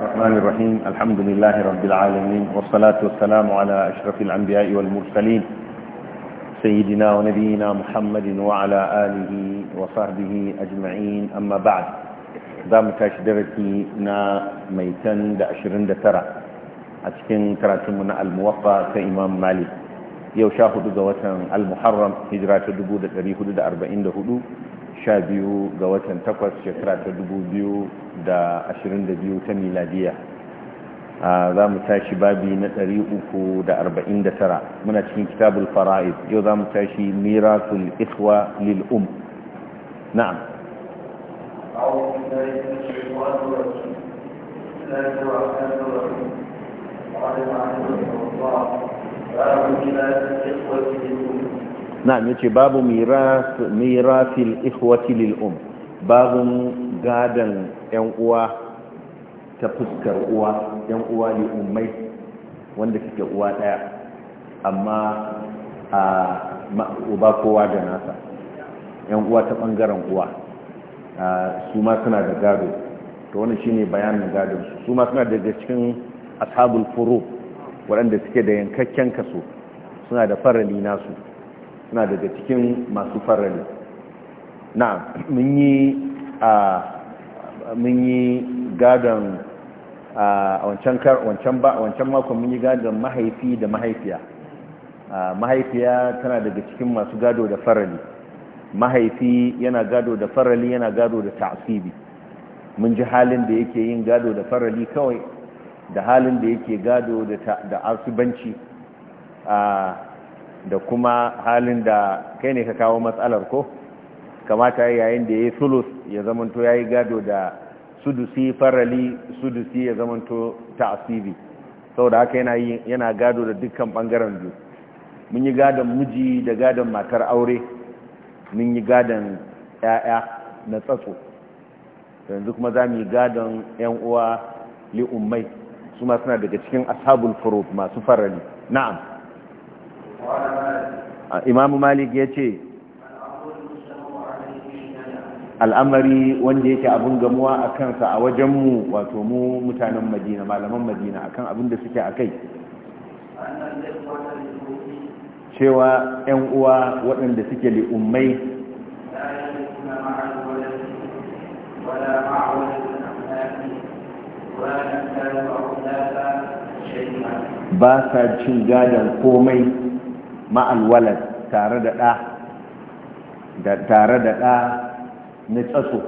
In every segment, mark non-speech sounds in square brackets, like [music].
الرحمن الرحيم الحمد لله رب العالمين والصلاة والسلام على أشرف الأنبياء والمرسلين سيدنا ونبينا محمد وعلى آله وصحبه أجمعين أما بعد دام تشدرتي نا ميتن دا أشرين دا ترى أتكن كراتمنا الموقع كإمام مالك يو شاهد دوة المحرم هجرة دبودة تاريخ دا أربعين دا هدو 12 ga watan 8 shekara ta 2022 ta miladiya za mu tashi babi na 349 muna cikin kitabul fara'id yau za mu tashi mirasul ikhwa lil um na'am قال معلم الله باب ولاية الإخوة للأم na'am yace babu miras mirasil ikhwati lil um babu gadan yan uwa ta fuskar uwa yan uwa li ummai wanda kike uwa daya amma a uba kowa da nasa yan uwa ta bangaren uwa su ma suna da gado to wannan shine bayanin gadon su su ma suna daga cikin ashabul furu waɗanda suke da yankakken kaso suna da farali nasu suna daga cikin masu farali na mun mun gadon a wancan makon mun yi gadon mahaifi da mahaifiya mahaifiya tana daga cikin masu gado da farali mahaifi yana gado da farali yana gado da ta'asibi mun ji halin da yake yin gado da farali kawai da halin da yake gado da asibanci da kuma halin da kai ne ka kawo matsalar ko kamata yayin da ya yi sulus ya zamanto ya yi gado da sudusi farali sudusi ya zamanto ta sau da haka yana gado da dukkan bangaren biyu mun yi gadon miji da gadon matar aure mun yi gadon yaya na tsatso yanzu kuma za mu yi gadon yan uwa li'ummai su ma suna daga cikin ashabul furu masu farali na'am imamu malik ya ce al'amari wanda yake abin gamuwa a kansa a wajenmu wato mu mutanen madina malaman madina akan abin da suke a kai cewa 'yan uwa waɗanda suke li'ummai ba sa cin gadon komai ma'al walad tare da ɗa da tare da ɗa na tsaso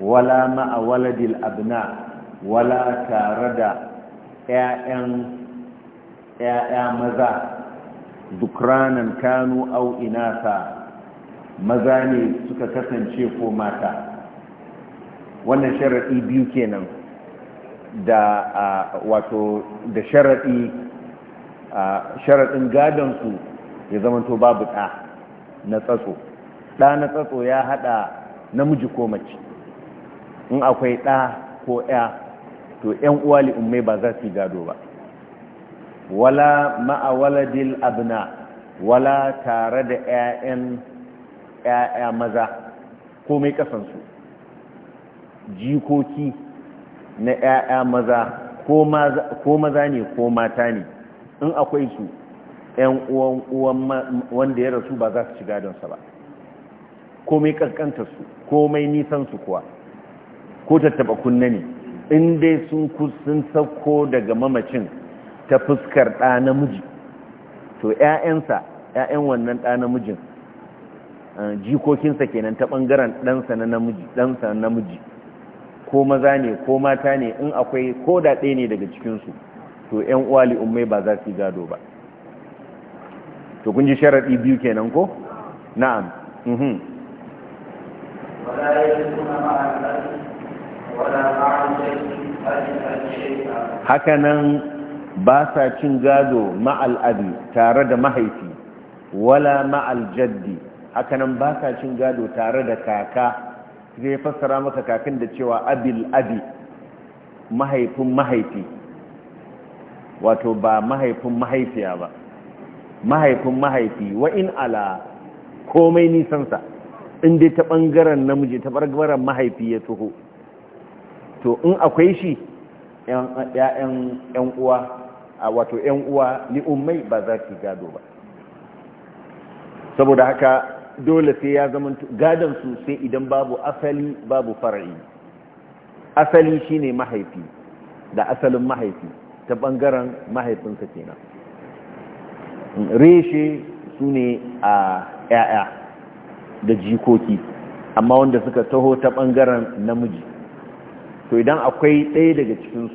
wala ma'a waladil abna wala tare da ‘ya'ya maza zukranan kanu au inasa maza ne suka kasance ko mata wannan sharaɗi biyu kenan da wato da sharaɗi sharaɗin gadonsu ya zamanto babu ɗa na tsatso ɗa na tsatso ya haɗa namiji ko mace in akwai ɗa ko ya to ‘yan uwa li'ummai ba za su gado ba wala ma'awaladil abna wala tare da ‘ya'yan ‘ya'ya maza mai kasansu jikoki na ‘ya'ya maza ko maza ne ko mata ne in akwai su 'yan uwan wanda ya rasu ba za su ci gadonsa sa ba komai kankanta su komai nisan su kuwa ko tattaba kunna ne in dai sun kusun sauko daga mamacin ta fuskar ɗa namiji to 'ya'yansa 'ya'yan wannan ɗa namijin eh, jikokinsa kenan ta ɓangaren ɗansa na namiji ɗansa na namiji ko maza ne ko mata ne in akwai ko da ɗaya ne daga cikinsu to 'yan uwa li'ummai ba za su gado ba to kun ji sharaɗi biyu kenan ko na'am mhm wala haka nan ba sa cin gado ma'al abi tare da mahaifi wala ma'al jaddi haka nan ba sa cin gado tare da kaka zai fassara maka kakin da cewa abil abi mahaifin mahaifi wato ba mahaifin mahaifiya ba mahaifin mahaifi wa in ala komai nisansa in dai ta ɓangaren namiji ta ɓangaren mahaifi ya tuho to in akwai shi ‘yan uwa a wato ‘yan uwa ni ummai ba za ki gado ba saboda haka dole sai ya zama gadon su sai idan babu asali babu fara'i asali shine mahaifi da asalin mahaifi ta ɓangaren mahaifinsa kenan reshe su ne a ‘ya'ya da jikoki amma wanda suka taho ta ɓangaren namiji to idan akwai ɗaya daga cikinsu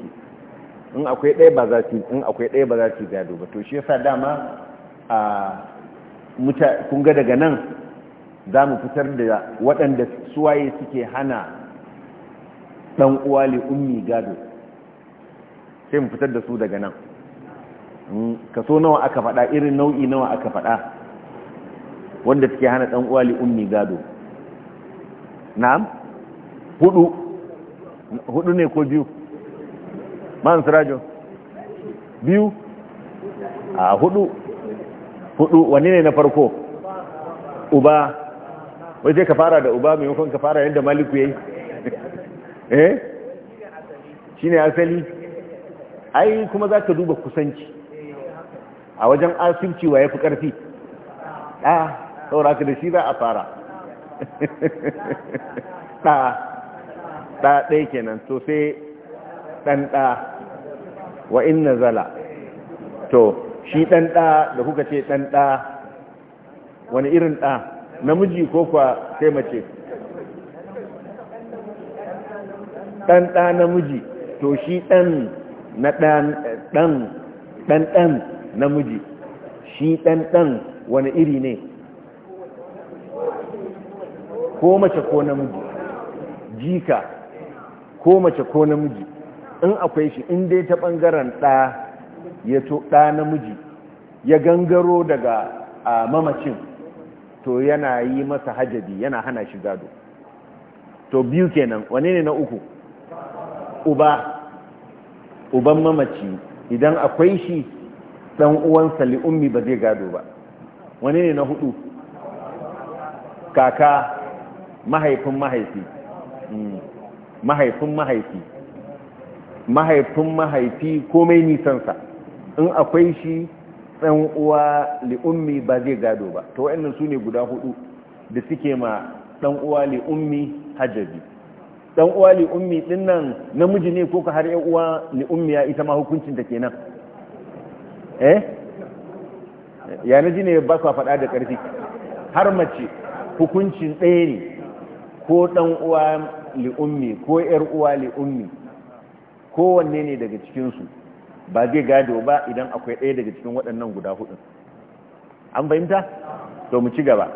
in akwai ɗaya ba za su in akwai ɗaya ba za su gado ba to shi yasa dama a muta kun daga nan za mu fitar da waɗanda suwaye suke hana ɗan uwa ummi gado sai mu fitar da su daga nan Hmm, kaso nawa aka faɗa irin nau'i nawa aka faɗa wanda suke hana ɗan uwa li ummi gado na'am hudu hudu ne ko biyu man sirajo biyu a hudu hudu wani ne na farko uba wai sai ka fara da uba maimakon ka fara yadda maliku ya yi. [laughs] eh shine asali ai kuma za ka duba kusanci a wajen asirci wa ya fi ƙarfi a saura ka da shi za a fara [laughs] ɗa ɗa ɗaya kenan to sai ɗan ɗa wa in nazala to shi ɗan ɗa da kuka ce ɗan ɗa wani irin ɗa namiji ko kwa sai mace ɗan ɗa namiji to shi ɗan na ɗan ɗan ɗan namiji shi ɗan ɗan wani iri ne ko mace ko namiji jika ko mace ko namiji in akwai shi in dai ta ɓangaren ɗa ya to ɗa namiji ya gangaro daga a mamacin to yana yi masa hajjabi yana hana shi gado to biyu kenan wane ne na uku uba uban mamaci idan akwai shi dan uwansa li ummi ba zai gado ba wani ne na hudu kaka mahaifin mahaifi hmm. mahaifin mahaifi mahaifin mahaifi komai nisansa in akwai shi ɗan uwa li'ummi ba zai gado ba to wa'annan su ne guda hudu da suke ma ɗan uwa li'ummi hajjabi ɗan uwa li'ummi ɗin nan namiji ne ko ka har uwa ya ita ma hukuncin ta kenan eh yanaji ne ba sa faɗa da ƙarfi har mace hukuncin ɗaya ne ko ɗan uwa li'ummi ko ‘yar uwa li'ummi wanne ne daga cikinsu ba zai gado ba idan akwai ɗaya daga cikin waɗannan guda hudun an fahimta? to mu ci gaba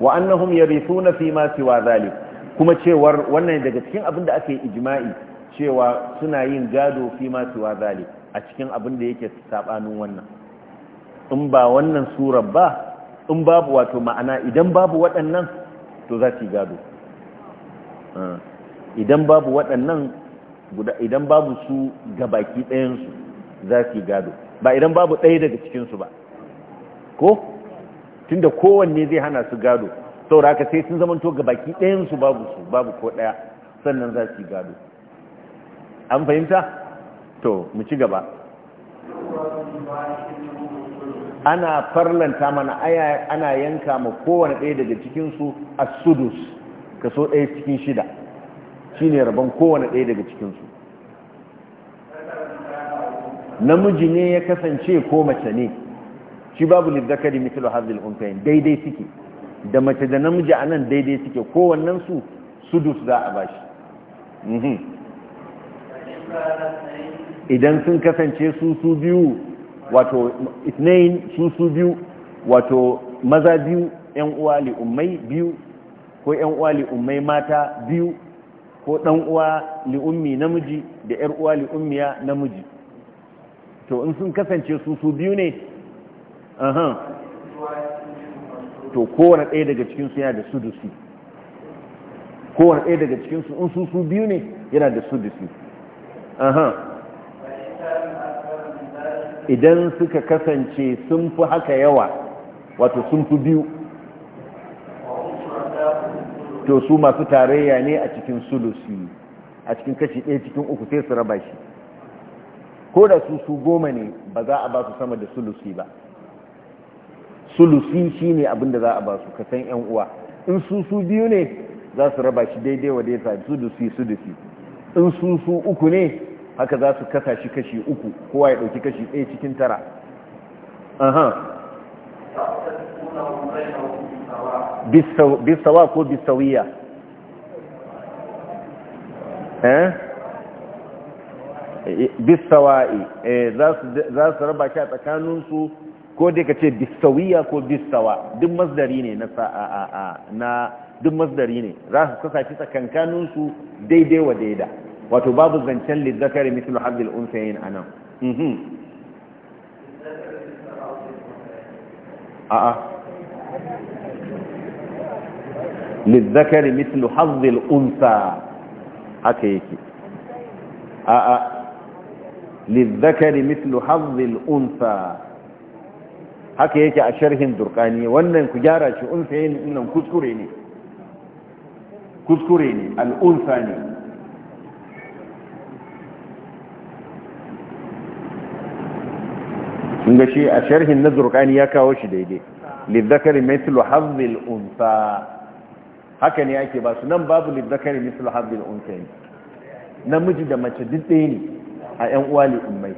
wa annahum suna fi masu wa kuma cewar wannan daga cikin abin da ake ijima'i cewa suna yin gado fi ma siwa zali a cikin abin da yake sabanin wannan in ba wannan surar ba in babu wato ma'ana idan babu waɗannan to za su yi gado ah, idan babu waɗannan idan babu su ga baki ɗayansu za su yi gado ba idan babu ɗaya daga cikinsu ba ko tunda kowanne zai hana su gado saura haka sai sun zamanto ga baki ɗayansu babu su babu ko ɗaya sannan za su yi gado an fahimta to mu ci gaba ana farlanta mana aya ana yanka ma kowane ɗaya daga cikinsu a sudus kaso ɗaya cikin shida shi ne rabon kowane ɗaya daga cikinsu namiji ne ya kasance ko mace ne shi babu lizzakari mitilu hazil unfayin daidai suke da mace da namiji a nan daidai suke kowannensu sudus za a bashi mhm. idan sun kasance su su biyu wato itnain su su biyu wato maza biyu yan uwa li ummai biyu ko yan uwa li ummai mata biyu ko dan uwa li ummi namiji da yar uwa li ummiya namiji to in sun kasance su su biyu ne aha to kowane ɗaya daga cikin su yana da sudusi kowane ɗaya daga cikin su in su su biyu ne yana da sudusi aha idan suka kasance sun fi haka yawa wato sun fi biyu to su masu tarayya ne a cikin sulusi a cikin kashi ɗaya cikin uku sai su raba shi ko da su su goma ne ba za a ba su sama da sulusi ba sulusi shi ne abinda za a ba su kasan 'yan uwa in su su biyu ne za su raba shi daidai wa daidai sulusi sulusi in sun su uku ne haka za su kasa shi kashi uku kowa ya ɗauki kashi ɗaya cikin tara bisawa ko bisawiya eh? eh, bisawa'i eh, za su raba shi a tsakaninsu ko dai ka ce bisawiya ko bisawa duk masdari ne na na duk masdari ne za su kasa ci tsakankanin su daidai wa daida wato babu zancen lizzakari mislu hadil unsayin anan mhm a'a lizzakari mislu hadil unsa haka yake a'a lizzakari mislu hadil unsa haka yake a sharhin durkani wannan ku gyara shi unsa yin nan kuskure ne kuskure ne al'unsa ne sun ga shi a sharhin na durkani ya kawo shi daidai lizzakari mithlu hazzil unsa haka ne ake ba su nan babu lizzakari mithlu hazzil unsa ne namiji da mace duk ɗaya ne a 'yan uwa li'ummai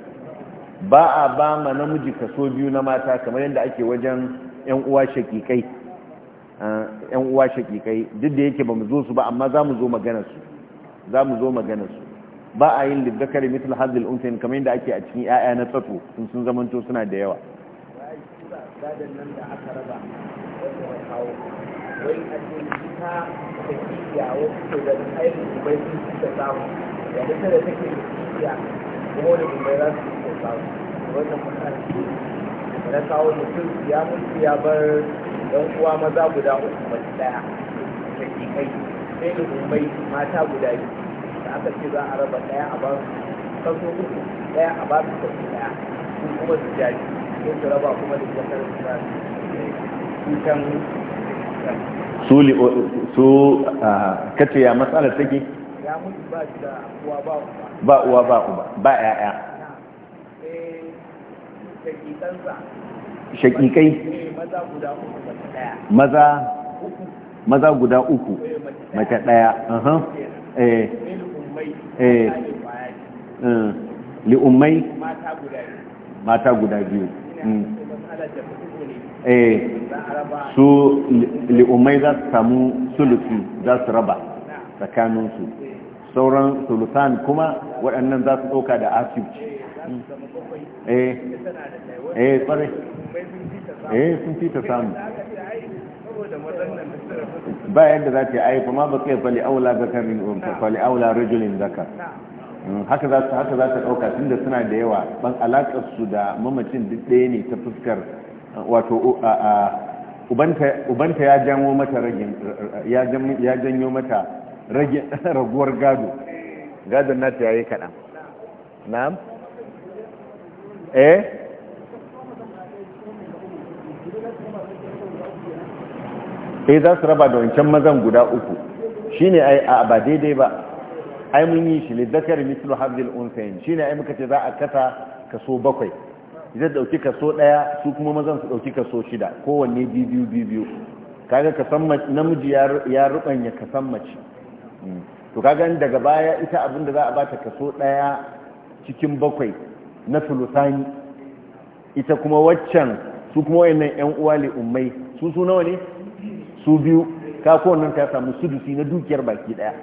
ba a ba ma namiji kaso biyu na mata kamar yadda ake wajen yan uwa shakikai yan ah, uwa shakikai duk da yake ba mu zo su ba amma za mu zo magana su za mu zo maganar su ba a yin libdakar mitul hadhil unsin kamar yadda ake a cikin yaya na tsato sun sun zamanto suna da yawa da take wannan mutane na kawo mutum ya mutu ya bar dan uwa maza guda uku mace daya da ke kai sai da mumbai mata guda biyu da aka ce za a raba daya a bar kaso uku daya a bar su kaso daya su kuma su jari sai su raba kuma da jakar suna kutan su su kace ya matsalar take ya mutu ba shi da uwa ba uwa ba uwa ba uba ba 'ya'ya shakikai maza eh, maza guda uku mace daya eh eh. Eh. eh li'ummai mata guda biyu hmm. eh su li'ummai za su samu sulusi za su raba tsakaninsu sauran sulusan kuma waɗannan za su ɗauka da asibci eh eh eh sun fi ta samu ba yadda za ta yi aifa ma ba kai fali aula zaka min umta fali aula rajulin zaka mm, haka za haka za ta dauka tunda suna da yawa ban alakar su da mamacin duk ɗaya ne ta fuskar wato ubanta ubanta ya janyo mata ragin ya janyo mata [laughs] raguwar gado gadon nata yayi kaɗan na'am eh eh za su raba da wancan mazan guda uku shi ai a ba daidai ba ai mun yi shi lidakar mislu habdil unsayin ne ai muka ce za a kasa kaso bakwai zai dauki kaso daya su kuma mazan su dauki kaso shida kowanne biyu biyu biyu kaga kasan namiji ya rubanya kasan mace hmm. to kaga daga baya ita abinda za a bata kaso daya cikin bakwai na tulusani ita kuma waccan su kuma wayannan yan uwa le ummai su su nawa ne su biyu ka ko nan ta samu sudusi na dukiyar baki daya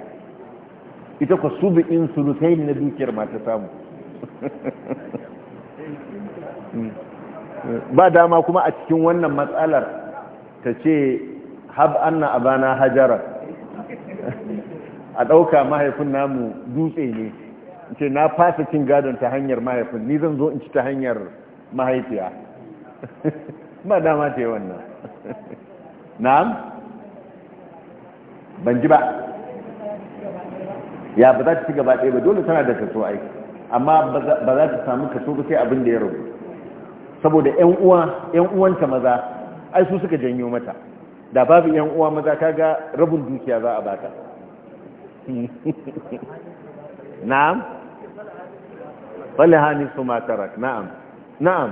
ita ko subu'in sulusaini na dukiyar ma ta samu [laughs] ba dama kuma a cikin wannan matsalar ta ce hab anna abana hajara [laughs] a ɗauka mahaifin namu dutse ne ce na fasa cin gadon ta hanyar mahaifin ni zan zo in ci ta hanyar mahaifiya [laughs] ba dama ce wannan [laughs] na'am ban ji ba ya ba za ta ci gaba ɗaya ba dole tana da kaso aiki. amma ba za ta samu kaso ba sai abin da ya rabu saboda yan uwa yan uwanta maza ai su suka janyo mata da babu yan uwa maza kaga rabin dukiya za a baka [laughs] na'am فلها نصف ما ترك نعم نعم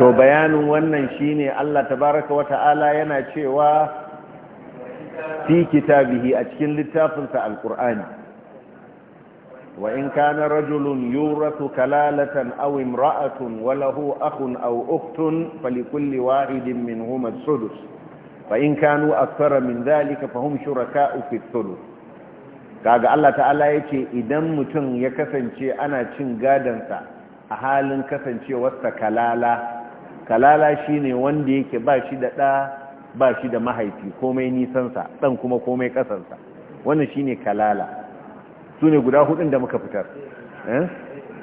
to bayanin wannan shine Allah tabaraka wa ta'ala yana cewa fi kitabihi a cikin littafinsa alqur'ani wa in kana rajulun yurathu kalalatan aw imra'atun wa lahu akhun aw ukhtun falikulli wahidin minhum as-sudus fa in kanu akthara min dhalika fahum shuraka'u fi ath-thuluth kaga Allah ta'ala yake idan mutum ya kasance ana cin gadansa a halin kasancewarsa kalala kalala shine wanda yake ba shi da ɗa ba shi da mahaifi komai nisansa ɗan kuma komai ƙasansa wannan shine kalala su ne guda hudun da muka fitar eh?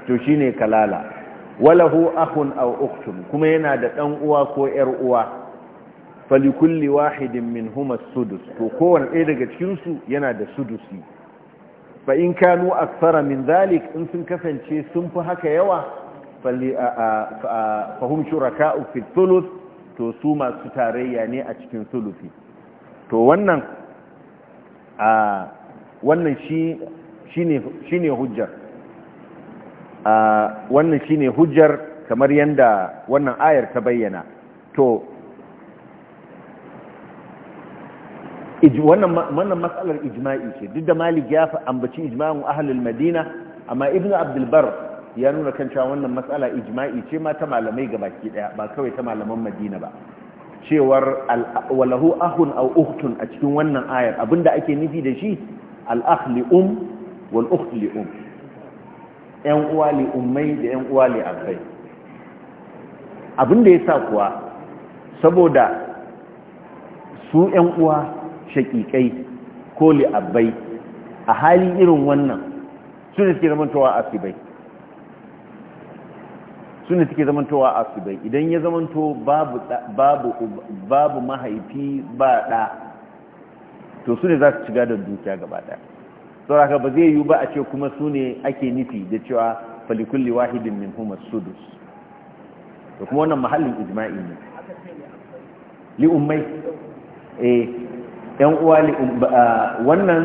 to shine kalala walahu ahun aw uktum kuma yana da ɗan uwa ko yar uwa falikulli wahidin min huma sudus to kowane ɗaya daga cikinsu yana da sudusi fa in kanu aksara min in sun kasance sun fi haka yawa fahim shuraka'u fi thuluth to su masu tarayya ne a cikin thuluthi to wannan a wannan shi shine shine hujjar a wannan shine hujjar kamar yanda wannan ayar ta bayyana to wannan matsalar ijma'i ce duk da malik ya ambaci ijma'in ahlul madina amma ibnu abdul bar ya nuna kan cewa wannan matsala ijma'i ce ma ta malamai ga baki daya ba kawai ta malaman madina ba cewar walahu ahun aw ukhtun a cikin wannan ayar abinda ake nufi da shi al akhli um wal ukht li um yan uwa li ummai da yan uwa li abai abinda yasa kuwa saboda su yan uwa shaƙiƙai ko li'abbai a hali irin wannan su ne suke zamantowa asibai su ne suke zamantowa asibai idan ya zamanto babu babu babu mahaifi ba ɗa to su ne za su shiga da dukiya gaba ɗaya sauraka ba zai yiwu ba a ce kuma su ne ake nufi da cewa falikulli wahidin min humar sudus da kuma wannan mahallin ijma'i ne li'ummai eh yan uwa um, wannan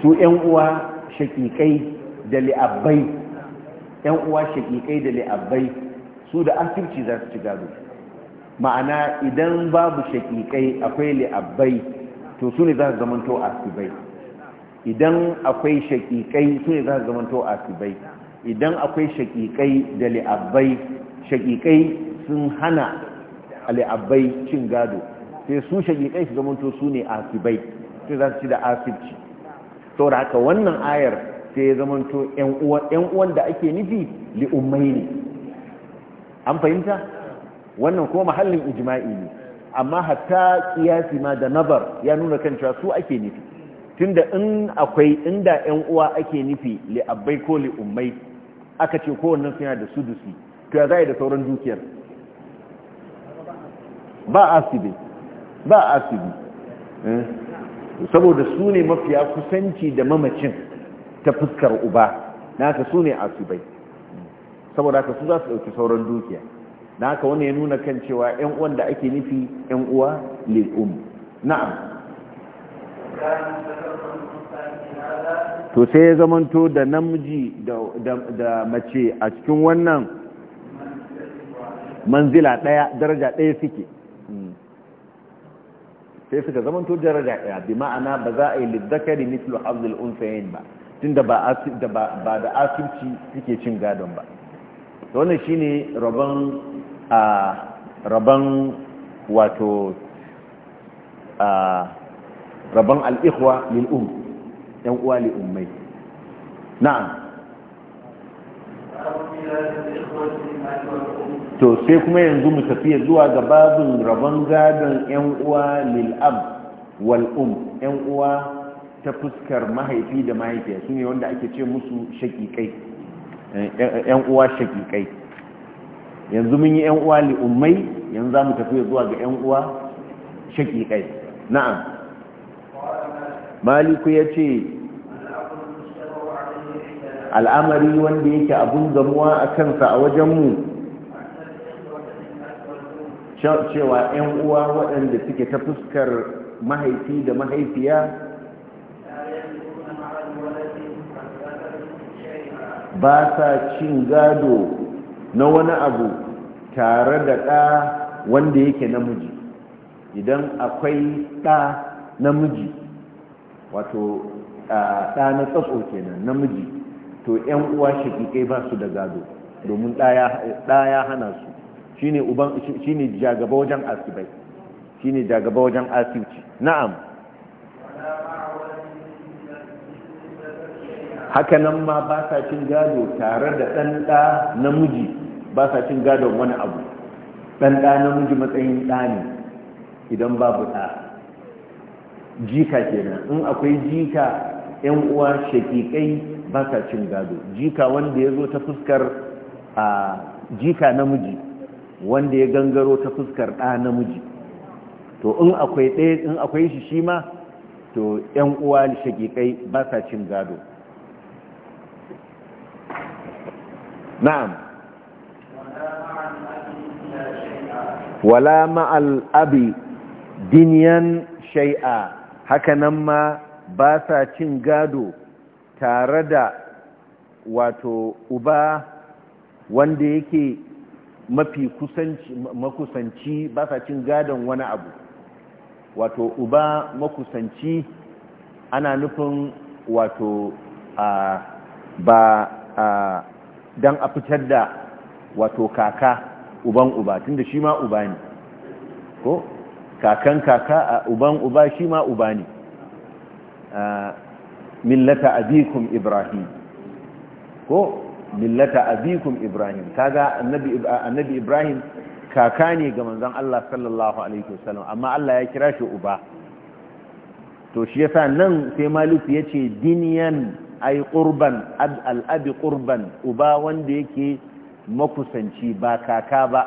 su yan uwa shakikai da li'abbai yan uwa shakikai da li'abbai su da asirci za su ci gado ma'ana idan babu shakikai akwai li'abbai to su ne za su zamanto asibai idan akwai shakikai su ne za su zamanto asibai idan akwai shakikai da li'abbai shakikai sun hana li'abbai cin gado sai su shagiƙai su zamanto su ne asibai sai za su ci da asibci saboda haka wannan ayar sai ya zamanto ‘yan uwan da ake nufi li'ummai ne an fahimta wannan kuma mahallin ijima'i ne amma hatta kiyasi ma da nabar ya nuna kan cewa su ake nufi tunda in akwai inda ‘yan uwa ake nufi li'abbai ko li'ummai aka ce wannan suna da sudusi to ya za da sauran dukiyar ba asibiti. ba asibi eh? saboda su ne mafiya kusanci da mamacin ta fuskar uba na su ne asibai saboda su za su ɗauki sauran dukiya na wani ya nuna kan cewa 'yan uwan ake nufi 'yan uwa lil'um na'am to sai ya zamanto da namiji da mace a cikin wannan manzila ɗaya daraja ɗaya suke sai suka zamanto daraja ɗaya bi ma'ana ba za a yi lidakari mislu hazil unsayin ba tunda ba ba da asibci suke cin gadon ba wannan shine rabon a rabon wato a rabon al'ikhwa lil'um yan uwa li'ummai na'am to sai kuma yanzu mu tafi zuwa ga babin rabon gadon yan uwa lil ab wal um yan uwa ta fuskar mahaifi da mahaifiya su ne wanda ake ce musu shakikai eh, yan uwa shakikai yanzu mun yi yan uwa li ummai yanzu za mu tafi zuwa ga yan uwa shakikai na'am maliku ya ce al'amari wanda yake abun gamuwa a kansa a wajenmu cewa 'yan uwa waɗanda suke ta fuskar mahaifi da mahaifiya ba sa cin gado na wani abu tare da ɗa wanda yake namiji idan akwai ɗa namiji wato ɗa na tsatso kenan namiji to yan uwa shakikai ba su da gado domin ɗaya hana su shine uban shine jagaba wajen asibai shine jagaba wajen asibci na'am haka nan ma ba sa cin gado tare da ɗanɗa namiji ba sa cin gado wani abu Ɗanɗa namiji matsayin ɗa ne idan babu ɗa jika kenan in akwai jika 'yan uwa shakikai ba ka cin gado jika wanda ya zo ta fuskar a jika namiji wanda ya gangaro ta fuskar ɗa namiji to in akwai ɗaya in akwai shi shi ma to ‘yan uwa shagiƙai ba sa cin gado na'am wala ma'al abi diniyan shai'a haka nan ma ba sa cin gado tare da wato uba wanda yake mafi kusanci makusanci ba sa cin gadon wani abu wato uba makusanci ana nufin wato a ba a don a fitar da wato kaka uban uba tunda shi ma uba ne ko kakan kaka a uban uba shi ma uba ne millata abikum ibrahim ko millata abikum ibrahim kaga annabi annabi ibrahim kaka ne ga manzon Allah sallallahu alaihi wasallam amma Allah ya kira shi uba to shi yasa nan sai malik yace diniyan ay qurban ad al abi qurban uba wanda yake makusanci ba kaka ba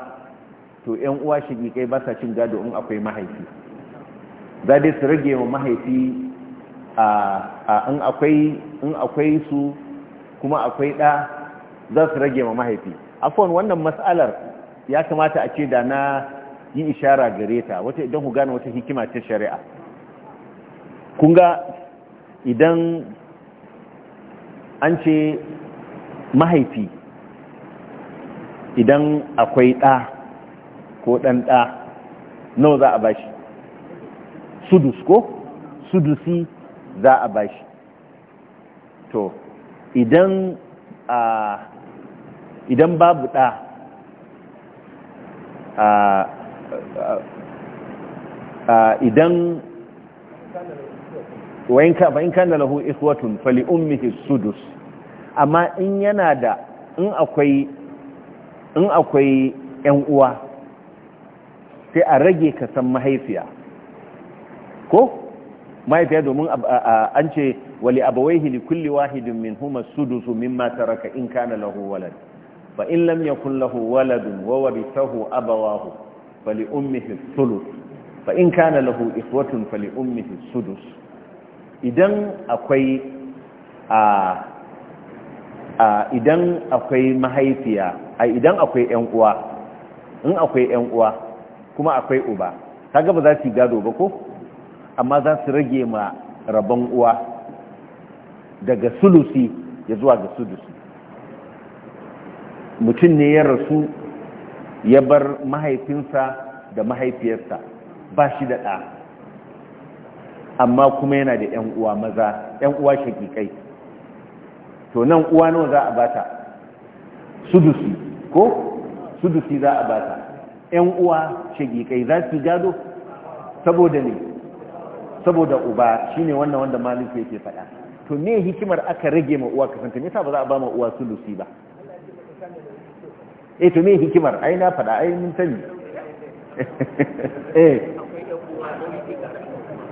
to ƴan uwa kai ba sa cin gado in akwai mahaifi za dai su rage wa mahaifi in akwai in akwai su kuma akwai ɗa za su rage ma mahaifi afon wannan matsalar ya kamata a ce da na yi ishara gare ta wata idan ku gane wata hikima ta shari'a kun ga idan an ce mahaifi idan akwai ɗa ko ɗan ɗa nawa za a bashi sudus ko sudusi za a ba shi, to idan a idan babu ɗa a idan wayin kana lahu ikhwatun fali ummihi sudus amma in yana da in akwai in akwai ƴan uwa sai a rage ka san mahaifiya ko mahaifiya domin an ce wali abawaihi li kulli wahidin min huma sudusu mimma taraka in kana lahu walad fa in lam yakun lahu waladun wa warithahu abawahu fali ummihi thuluth fa in kana lahu ikhwatun fali ummihi sudus idan akwai a idan akwai mahaifiya a idan akwai yan uwa in akwai yan uwa kuma akwai uba kaga ba za su gado ba ko amma za su rage ma rabon uwa daga sulusi ya zuwa ga sulusi mutum ne ya rasu ya bar mahaifinsa da mahaifiyarsa ba shi da ɗa amma kuma yana da 'yan uwa maza 'yan uwa shakikai to nan uwa nawa za a bata sudusi ko sudusi za a bata 'yan uwa shakikai za su gado saboda ne saboda uba shine wannan wanda maliku yake faɗa to me hikimar aka rage ma uwa kasance me yasa ba za a ba ma uwa sulusi ba eh to me hikimar ai na faɗa ai mun sani [laughs] eh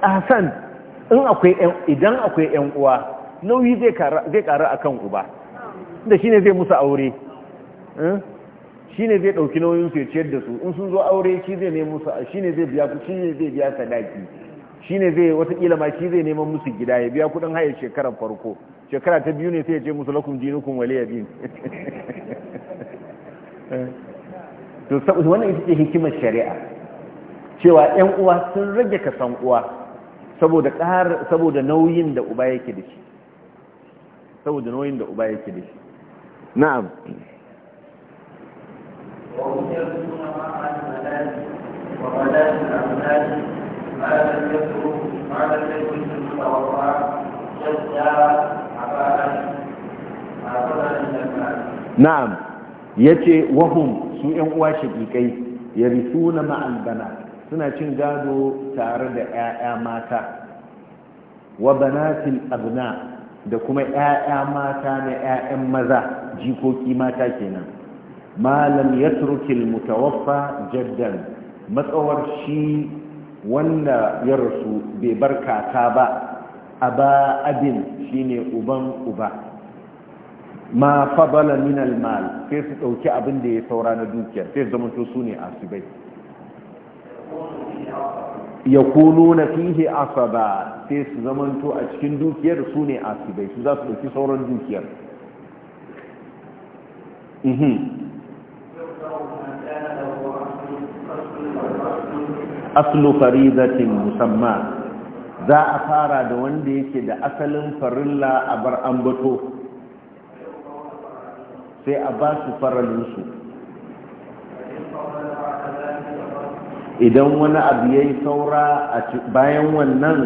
ahsan in akwai idan akwai ƴan uwa nauyi zai kara zai kara akan uba inda shine zai musu aure eh? shi ne zai ɗauki su ya ciyar da su in sun zo aure shi zai nemi su shi ne zai biya shi ne zai biya sadaki shi ne zai watakila ma shi zai neman musu gida ya biya kudin haya shekarar farko shekara ta biyu ne sai ya ce musu lakum dinukum waliya biyu [laughs] to sabu wannan ita ce hikimar shari'a cewa 'yan uwa sun rage kasan uwa saboda kar saboda nauyin da uba yake da shi saboda nauyin da uba yake da shi na'am وَمَا na'am yace wahum su yan uwa ya risu na ma'albana suna cin gado tare da 'ya'ya mata wa banatil abna da kuma 'ya'ya mata na 'ya'yan maza jikoki mata kenan malam yatrukil mutawaffa jaddan matsawar shi wanda ya rasu bai bar kaka ba a aba abin ne uban uba ma fadala min almal sai su dauki abin da ya saura na dukiya sai zama to su ne asibai yakununa fihe asaba sai su zama to a cikin dukiyar su ne asibai su za su dauki sauran dukiyar mhm. aslu faridatin musamma za a fara da wanda yake da asalin farilla a bar ambato sai a ba su faralinsu idan wani abu ya yi saura bayan wannan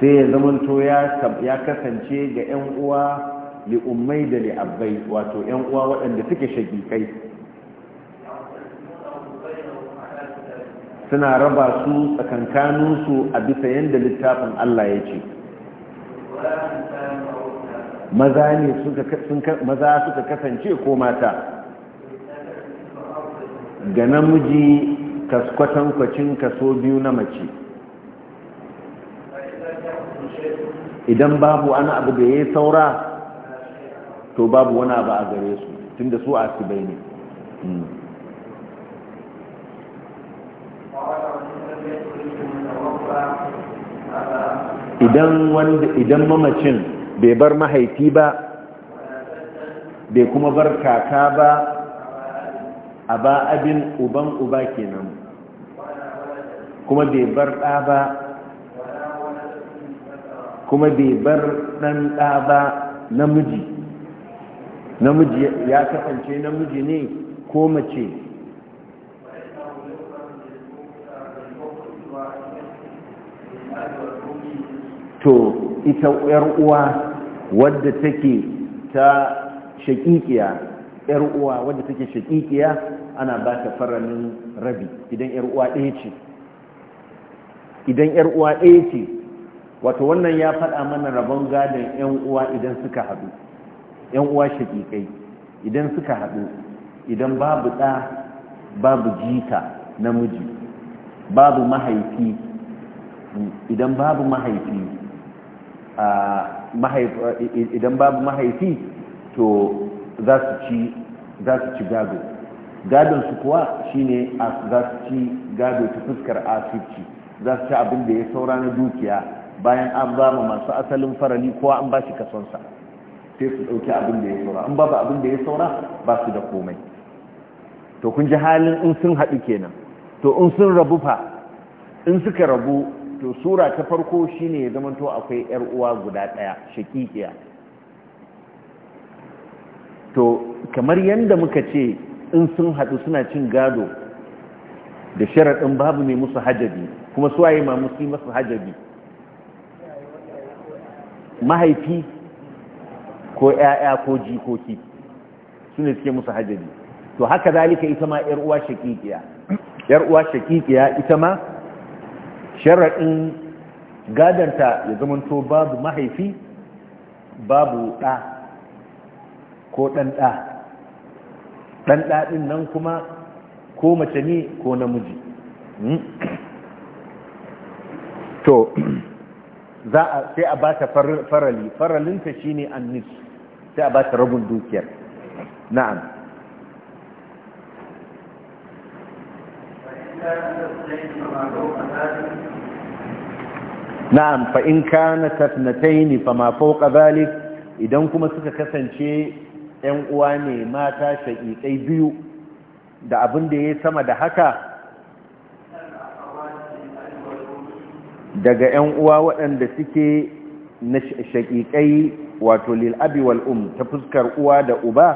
sai ya zamanto ya kasance ga 'yan uwa li'ummai da li'abbai wato 'yan uwa waɗanda suke shagikai suna raba su tsakankaninsu a bisa yadda littafin Allah ya ce maza suka kasance ko mata ga namiji kwatankwacin kaso biyu na mace idan babu wani abu da ya yi saura to babu wani abu a gare su tunda su bai ne hmm. idan mamacin bai bar mahaifi ba bai kuma bar kaka ba a ba abin uban uba kenan kuma bai bar ɗa ba kuma bai bar ɗan ɗa ba namiji namiji ya kasance namiji ne ko mace to ita yar uwa wadda take ta shakikiya yar uwa wadda take shakikiya ana ba ta faranin rabi idan yar uwa ɗaya ce idan yar uwa ɗaya ce wato wannan ya faɗa mana rabon gadon yan uwa idan suka haɗu yan uwa shakikai idan suka haɗu idan babu ɗa babu jita namiji babu mahaifi idan babu mahaifi idan babu mahaifi to za su ci gado gadon su kuwa shine za su ci gado ta fuskar asirci za su ci abin da ya saura na dukiya bayan an ba ma masu asalin farali kowa an ba shi kasonsa sai su ɗauki abin da ya saura An ba abin da ya saura ba su da komai to kun ji halin in sun haɗu kenan to in sun rabu fa in suka rabu to sura ta farko shine ya to akwai yar uwa guda daya shakikiya to kamar yanda muka ce in sun hadu suna cin gado da sharadin babu mai musu hajabi kuma suwaye ma musu masu hajabi mahaifi ko ‘ya'ya ko jikoki su ne suke musu hajabi to haka zalika ita ma uwa shakikiya uwa shakikiya ita ma sharaɗin gadanta ya zamanto babu mahaifi babu ɗa ko ɗan ɗa ɗan nan kuma ko mace ne ko namiji hmm? to za a sai a bata ta farali faralinta shine annis sai a ba ta rabin dukiyar na'am Thank you. na'am fa in kana tasnataini fama fawqa zalik idan kuma suka kasance ɗan uwa ne mata shaqiqai biyu da abin da yayi sama da haka daga ɗan uwa waɗanda suke na shaqiqai wato lil abi wal um ta fuskar uwa da uba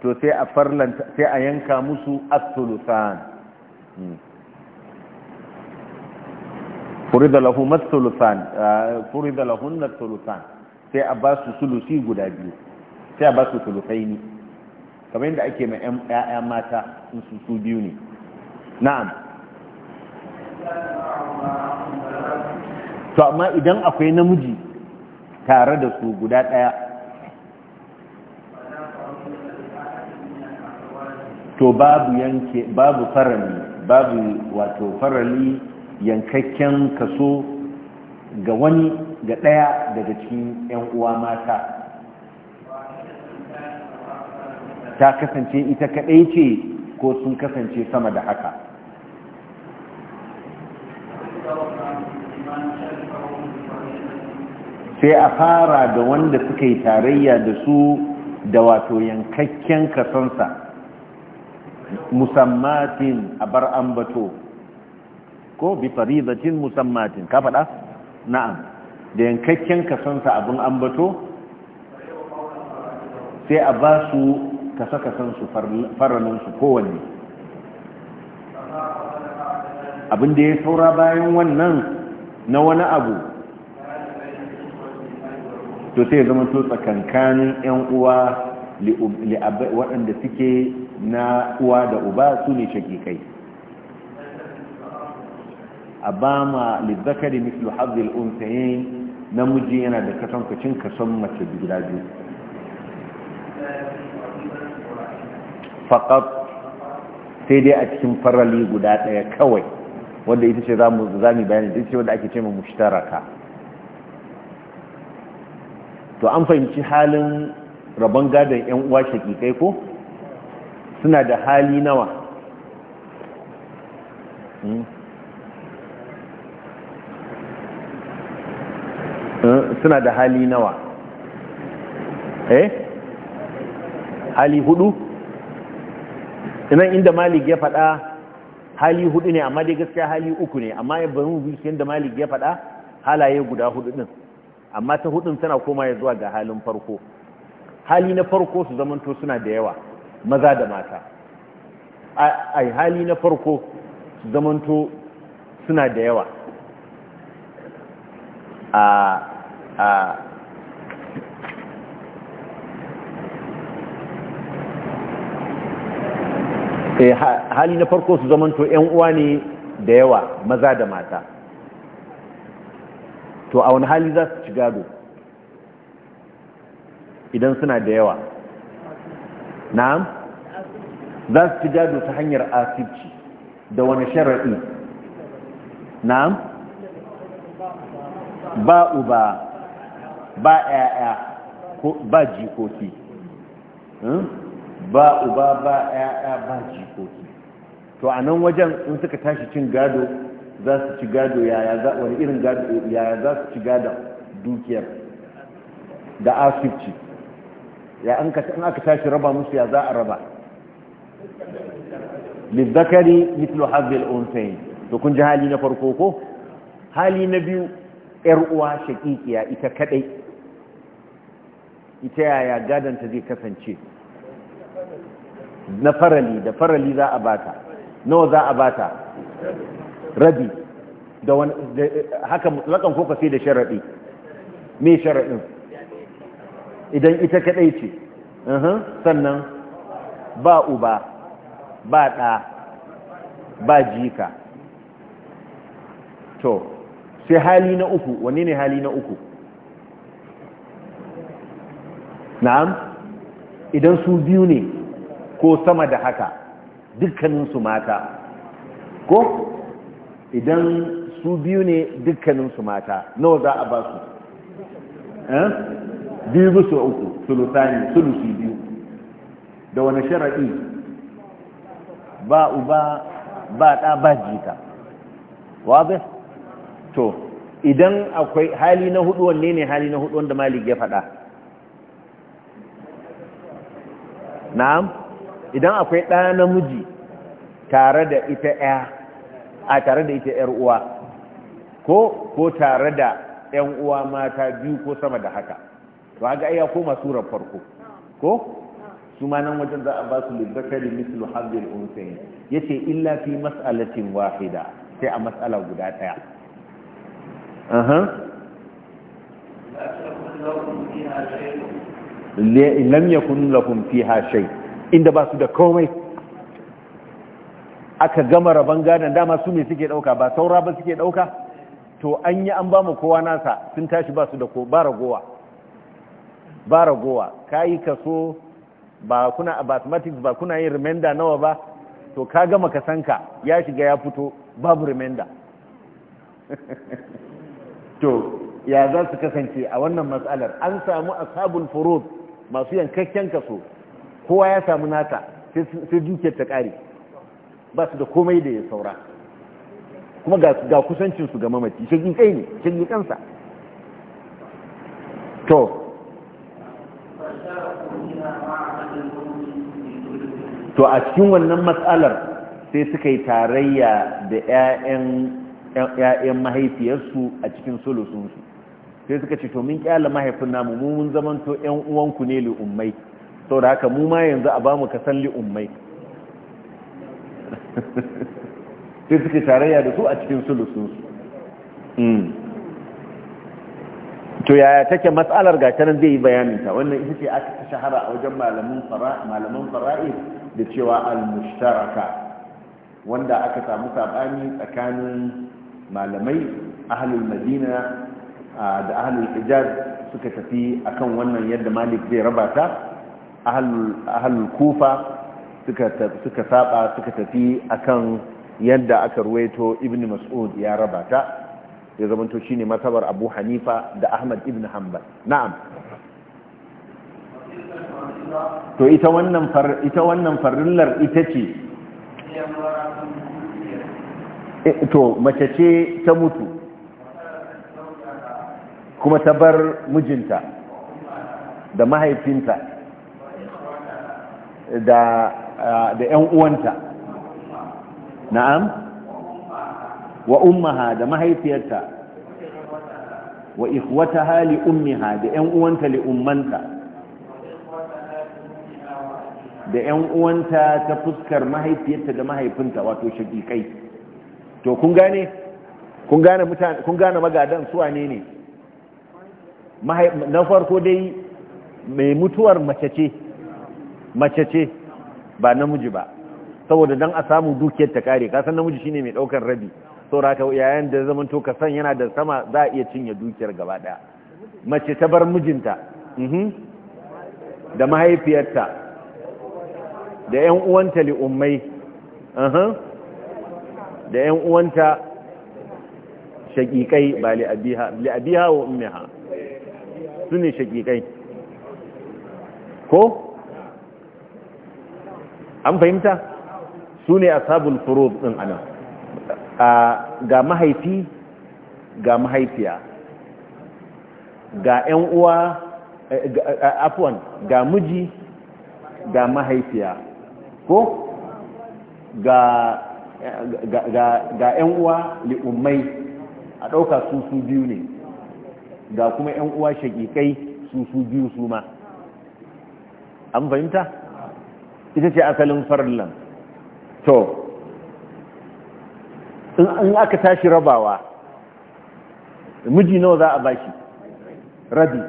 to sai a yanka musu as furida lahu mathulusan ah, furida sai a ba su sulusi guda biyu sai a ba su ne kamar yadda ake mai 'ya'ya mata in su su biyu ne na'am to amma idan akwai namiji tare da su guda ɗaya to babu yanke babu farali babu wato farali yankakken kaso ga wani ga ɗaya daga cikin 'yan uwa mata ta kasance ita kaɗai ce ko sun kasance sama da haka sai a fara da wanda suka yi tarayya da su da wato yankakken kasonsa musammatin a bar ambato ko bi faridatin musammatin ka faɗa na'am da yankakken kasansa abin ambato sai a ba su kasa-kasansu su kowanne abin da ya saura bayan wannan na wani abu to sai zama to tsakankanin 'yan uwa waɗanda suke na uwa da uba su ne shakikai abama ba mislu hazil unsayin namiji yana da kasankwacin kason mace guda biyu faƙaf sai dai a cikin farali guda ɗaya kawai wadda ita ce za mu bayani da ita ce ake ce ma mushtaraka to an fahimci halin rabon gadon 'yan uwa shakikai ko suna da hali nawa hmm? suna da hali nawa eh hali hudu inan inda malik ya faɗa hali hudu ne amma dai gaskiya hali uku ne amma ya bari bikin inda malik ya faɗa halaye guda hudu din amma ta hudun tana koma ya zuwa ga halin farko hali na farko su zamanto suna da yawa maza da mata ai hali na farko su zamanto suna da yawa a a eh, hali na farko su zamanto yan uwa ne da yawa maza da mata to a wani hali za su ci gado idan suna da yawa na'am za su ci gado ta hanyar asibci da wani shara'i na'am ba uba ba ƴaƴa ba jikoki hmm? ba uba ba ƴaƴa ba jikoki to a nan wajen in suka tashi cin gado za su ci gado yaya za wani irin gado yaya za su ci gado dukiyar da asibci ya an aka tashi raba musu ya za a raba lizzakari mitlu hazil unsayin to kun ji hali na farko ko hali na biyu yar uwa shakikiya ita kadai ita yaya ta zai kasance na farali da farali za a bata nawa za a bata rabi da wani haka mutlakan ko sai da sharaɗi me sharaɗin idan ita kaɗai ce sannan ba uba ba ɗa ba jika to sai hali na uku wanne ne hali na uku na'am idan su biyu ne ko sama da haka dukkaninsu mata ko idan su biyu ne dukkaninsu mata nawa za a ba su eh? biyu bisa uku sulusani sulusi biyu da wani sharaɗi ba uba ba ɗa ba jita wabe to idan akwai hali na hudu wanne ne hali na hudu wanda maliki ya faɗa na'am idan akwai ɗa namiji tare da ita ya a tare da ita yar uwa ko ko tare da yan uwa mata biyu ko sama da haka to haka ai ya koma surar farko ko su ma nan wajen za a ba su lizzakari mislu hadil unsayin yace illa fi mas'alatin wahida sai a mas'ala guda daya aha lam yakun lakum fiha shay inda ba su da komai aka gama rabon gadon dama su ne suke dauka ba saura ba suke dauka to an yi an ba mu kowa nasa sun tashi ba su da ko ba ragowa ba ragowa kayi kaso ba kuna mathematics ba kuna yin remainder nawa ba to ka gama ka kasanka ya shiga ya fito babu remainder [laughs] to ya za su kasance a wannan matsalar an samu ashabul furud masu yankakken kaso kowa ya samu nata sai dukiyar ta kare ba su da komai da ya saura kuma ga kusancinsu ga mamaci shagin kai ne shagin kansa to to a cikin wannan matsalar sai suka yi tarayya da 'ya'yan mahaifiyarsu a cikin solosunsu sai suka ce to mun kyala mahaifin namu mu mun zamanto ƴan uwanku ne li ummai saboda haka mu ma yanzu a bamu ka li ummai [laughs] sai suka tarayya da su a cikin sulusun su hmm. to yaya take matsalar ga zai yi bayanin ta wannan ita ce aka ta shahara a wajen malaman fara'i da cewa al-mushtaraka wanda aka samu sabani tsakanin malamai ahlul madina da ahalul hijaz suka tafi akan wannan yadda malik zai raba ta ahalul kufa suka saba suka tafi akan yadda aka ruwaito ibn mas'ud ya raba ta ya zamanto shine masabar abu hanifa da ahmad ibn hanbal na'am to ita wannan ita wannan farillar ita ce eh, to mace ce ta mutu kuma ta bar mijinta da mahaifinta da ah, da ƴan uwanta na'am wa ummaha da mahaifiyarta wa ikhwataha li ummiha da ƴan uwanta li ummanta da ƴan uwanta ta fuskar mahaifiyarta da mahaifinta wato shaqiqai to kun gane kun gane mutane kun gane magadan su wane ne na farko dai mai mutuwar mace macece ba namiji ba saboda dan a samu dukiyar ta kare kasan namiji shine mai daukar rabi saboda ka yayin da zaman to ka san yana da sama za a iya cinye dukiyar gaba daya mace ta bar mijinta mhm, da mahaifiyarta da yan uwanta li'ummai da yan uwanta shaƙiƙai ba li'abiha li'abiha wa ummiha su ne shakikai ko an fahimta su ne a furud ɗin ana. ga mahaifi ga mahaifiya ga ƴan uwa eh, eh, eh, afuwan ga miji ga mahaifiya ko ga ga uwa li'ummai a ɗauka su su biyu ne ga kuma yan uwa shaƙiƙai su su biyu su ma an fahimta ita ce asalin farlan to in aka tashi rabawa miji nawa za a bashi rabi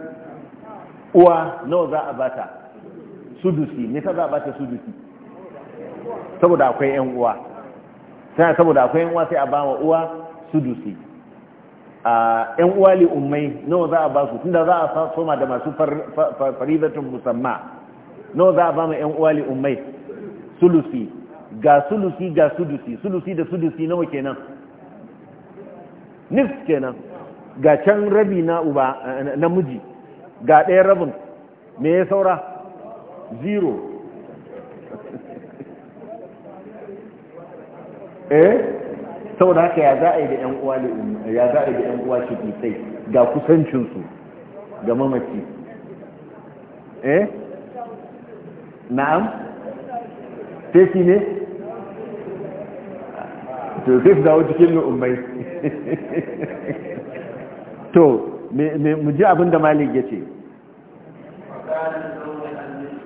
uwa nawa za a bata sudusi ne ta za a bata sudusi saboda akwai yan uwa saboda akwai yan uwa sai a ba wa uwa sudusi a yan uwali ummai nawa za a ba su tunda za a soma da masu faridatun musamma nawa za a ba mu yan uwali umai sulusi ga sulusi ga sudusi sulusi da sudusi nawa kenan nif kenan ga can rabi na uba eh, namiji ga ɗaya rabin me ya saura zero [laughs] eh saboda haka ya za a yi da yan uwa ya za a yi da yan uwa sai ga kusancinsu ga mamaci eh na'am sai shi ne to sai su dawo cikin lu'ummai [laughs] to mu ji abin da malik ya ce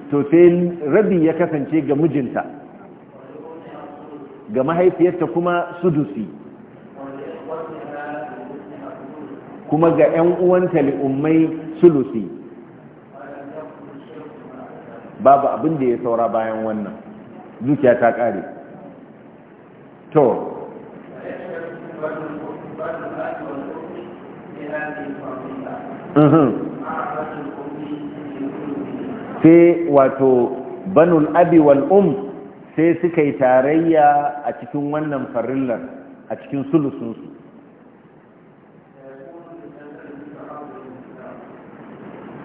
to sai rabi ya kasance ga mijinta ga mahaifiyarta kuma sudusi kuma ga 'yan uwanta li'ummai sulusi babu abin da ya saura bayan wannan zuciya ta kare to mhm. sai wato banul abi wal um sai suka yi tarayya a cikin wannan farillar a cikin sulusunsu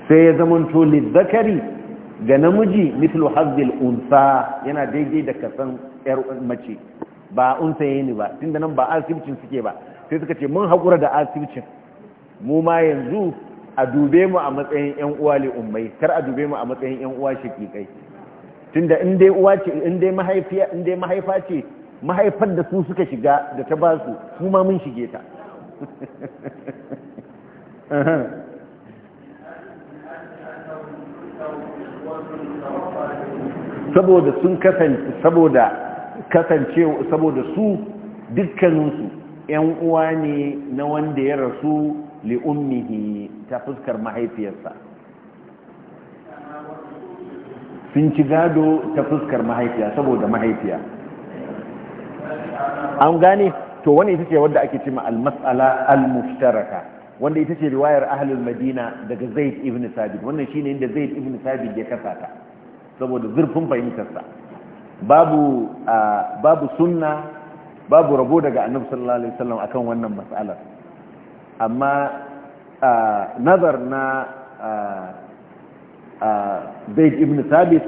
sai ya zamanto lizzakari ga namiji mislu hazzil unsa yana daidai da kasan yar mace ba unsa yayi ba tunda nan ba asibicin suke ba sai suka ce mun haƙura da asibicin mu ma yanzu a dube mu a matsayin yan uwa li kar a dube mu a matsayin yan uwa shakikai tunda in dai uwa ce in dai mahaifiya in dai mahaifa ce mahaifar da su suka shiga da ta ba su su ma mun shige ta [laughs] saboda sun kasance saboda kasance saboda su dukkaninsu ‘yan uwa ne na wanda ya rasu ummihi ta fuskar mahaifiyarsa sun ci gado ta fuskar mahaifiya saboda mahaifiya an gane to wani ita ce wadda ake cima al-mas'ala al wanda ita ce riwayar ahlul madina daga zaid ibn sabit wannan shine inda zaid ibn sabit ya kasa ta saboda zurfin fahimtarsa babu babu sunna babu rabo daga annabi sallallahu alaihi wasallam akan wannan mas'alar amma nazar na zaid ibn Sabis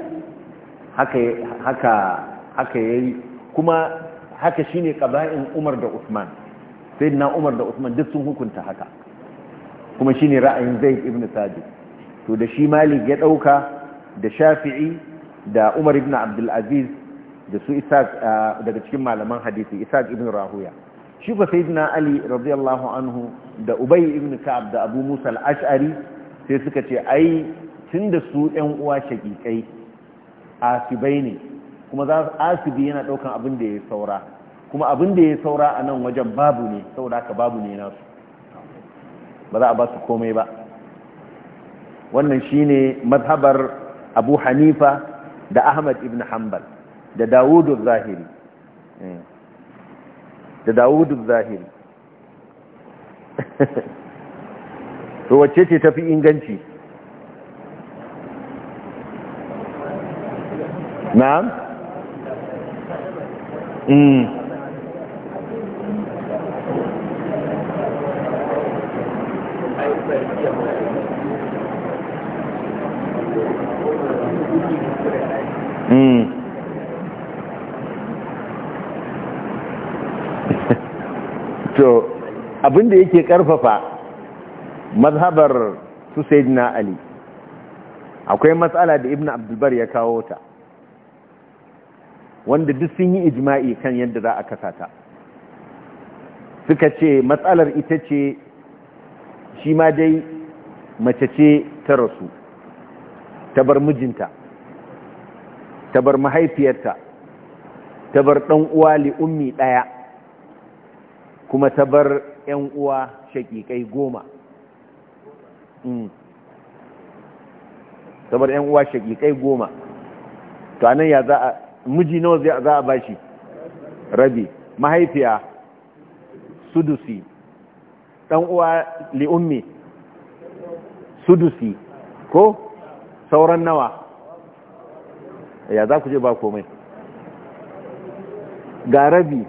haka haka yi kuma haka shine ƙaba'in umar da usman na umar da usman duk sun hukunta haka kuma shine ra'ayin zaid ibn Sabis to da shi malik ya ɗauka da shafi'i da umar ibn abdul da su isaac daga cikin malaman hadisi isaac ibn rahuya shi ba na ali radiyallahu anhu da ubay ibn ka'ab da abu musa al-ash'ari sai suka ce ai tun da su ‘yan uwa shaƙiƙai asibai ne kuma za su asibi yana ɗaukan abin da ya saura kuma abin da ya saura a nan wajen babu ne saura ka babu ne su ba za a ba su komai ba wannan shi ne mazhabar abu hanifa da ahmad ibn hanbal da dawudu zahiri eh. da dawudu zahiri [laughs] to wacce ce tafi inganci نعم mm abinda yake karfafa mazhabar su sayyidina ali akwai matsala da ibn abdulbar ya kawo ta wanda duk sun yi ijma'i kan yadda za a kasa ta, suka ce matsalar ita ce shi ma dai mace ce ta rasu ta bar mijinta ta bar mahaifiyarta ta bar dan uwa li'ummi ɗaya kuma ta bar 'yan uwa shaƙiƙai goma mm. ta bar 'yan shaƙiƙai goma to anan ya za a miji nawa za a bashi rabi mahaifiya sudusi dan uwa li ummi sudusi ko sauran nawa ya za ku je ba komai ga rabi